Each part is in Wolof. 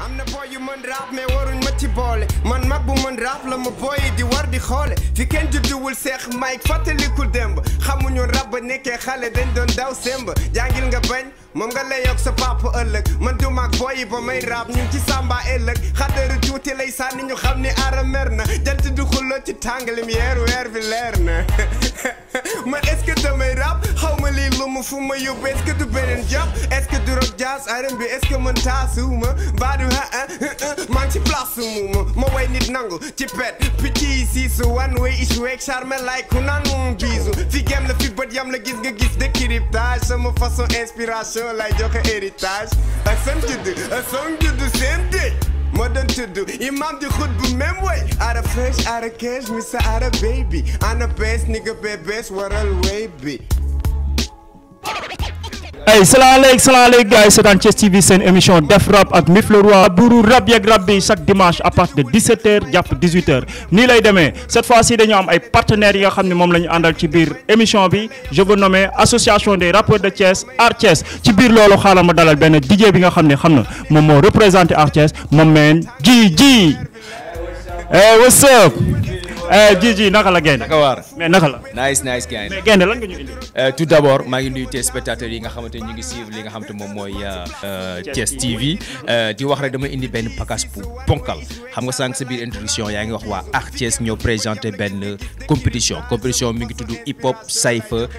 am na boy yu mën rap mais waruñ ma ci boole man mag bu mën rap la ma boy di war di xoole fi kenn judduwul seex Mike fàttalikul démb xamuñu rap ba nekkee xale dañ doon daw semb jàngil nga bañ moom nga lay yokk sa papa ëllëg man du mag boy yi ba may rap ñu ci sàmba ëllëg xadaru tuuti lay sànni xam ni aara mer na jant du xulloo ci tàngalim yeer weer bi leer na maar est-ce que t'as mijn rap? Hou me lil me voor me, je bent que tu bent een jap. Est-ce rock jazz, R&B, est-ce que mijn taas me? Waar doe hij, man, je plaats me, maar wij niet nangel. Je pet, pity, zie zo, one way is weg, charme, like, hoe nan mong bizo. Fik hem, le fik, bad jam, le gis, gis, de kiriptage. Somme façon inspiration, like, jokke heritage. Een song to doet, een zon je doet, what important to do İmam diyor hutbu memoy Out of fresh, out of cash, Mr. Out of baby I'm the best nigga, best what I'll be ay salam salaamaaleykum gars c'est dans Chess TV une émission def rap ak Mif le Roi buuru rap yeeg rap chaque dimanche à partir de 17h jusqu'à 18h Ni lay demain cette fois ci nous avons ay partenaires yi nga xam ne moom la émission bi je veux nommer association des rappeurs de Chess, Art Thiès ci biir loolu xaaral dalal benn DJ bi nga xam ne représente Art Thiès moom meen hey what's up. Eh, ji nakala la Nakawar. mais nakala. nice nice gaynde mais gaynde lan nga ñu indi eh, tout d'abord ma ngi nuyu spectateur yi nga xamante ñu ngi suivre li nga xamante moom mooy eh, eh, Thiès TV di wax rek dama indi benn package bu ponkal xam nga sànq sa biir introduction yaa ngi wax waa Art Thiès ñoo ben benn compétition compétition mi ngi tudd hip hop cypher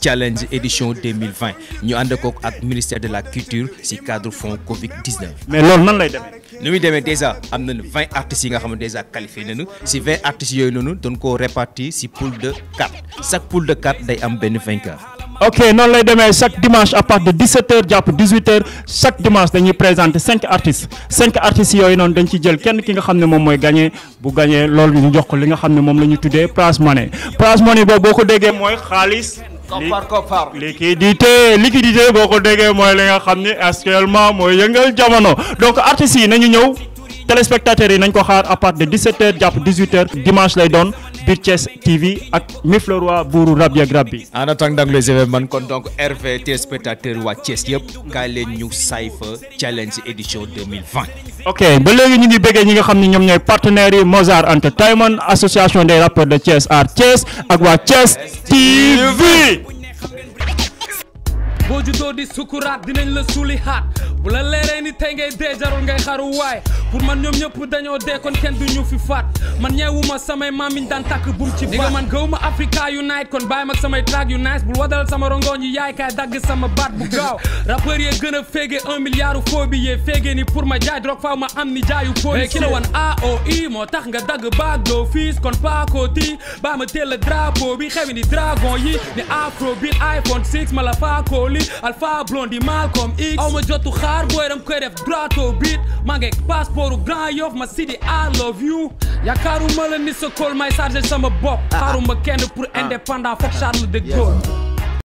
challenge édition 2020 ñu ànd ko ak ministère de la culture si cadre fond Covid 19. mais loolu nan lay demee. nu muy demee déjà am nañu 20 artistes yi nga xam ne déjà qualifié nañu si 20 artistes artistes yooyu noonu dañ koo répartir si pool de 4 chaque pool de 4 day am benn vainqueur. ok noonu lay demee chaque dimanche à partir de 17h jàpp 18h chaque dimanche dañuy présenter 5 artistes 5 artistes yooyu noonu dañ ci jël kenn ki nga xam ne moom mooy gagné bu gagné loolu ñu jox ko li nga xam ne moom la ñu tuddee prize money place money boobu boo ko déggee mooy xaalis. koppar koppar liquidité liquidité boo ko déggee mooy li nga xam ne actuellement mooy yëngal jamono donc artistes yi nañu ñëw. téléspectateurs yi nañ ko xaar à partir de 17h jàpp 18h dimanche lay doon biir Thiès TV ak Mif le roi buuru rab yeeg rab bi. en attendant les événements kon donc RV téléspectateurs waa Thiès yëpp kaay leen ñu Cypher challenge édition 2020. ok ba léegi ñu ngi bëggee ñi nga xam ni ñoom ñooy partenaire yi Mozart Entertainment association des rappeurs de Thiès Art Thiès ak waa Thiès TV. boo juddoo di sukuraat dinañ la suuli xaat la leeree ni tey pour man ñoom ñëpp daño dee kon kenn du ñu fi faat man ñeewuma samay maamiñ daan tàkk bum ci baat man gëw ma Africa Unite kon bàyyi mag samay track yu nice bul wadal sama rongoñ yi yaay kaay dagg sama baat bu gaaw rappeur yee gën a féege un milliard foo bi yee féege ni pour ma jaay drog faaw ma am ni jaayu police ki la moo tax nga dagg baag kon paakoti baa ma teel a drapeau bi xewi ni dragon yi ni afrobeat iPhone 6 ma la faakooli Alpha X aw ma jotu xaar booy dam koy def droit au booru Grand Yoff ma Sidi I love you yaakaaruma la ni sa kool may chargé sama bopp xaaruma ah, ah. kenn pour ah. indépendant foog charme de Gaulle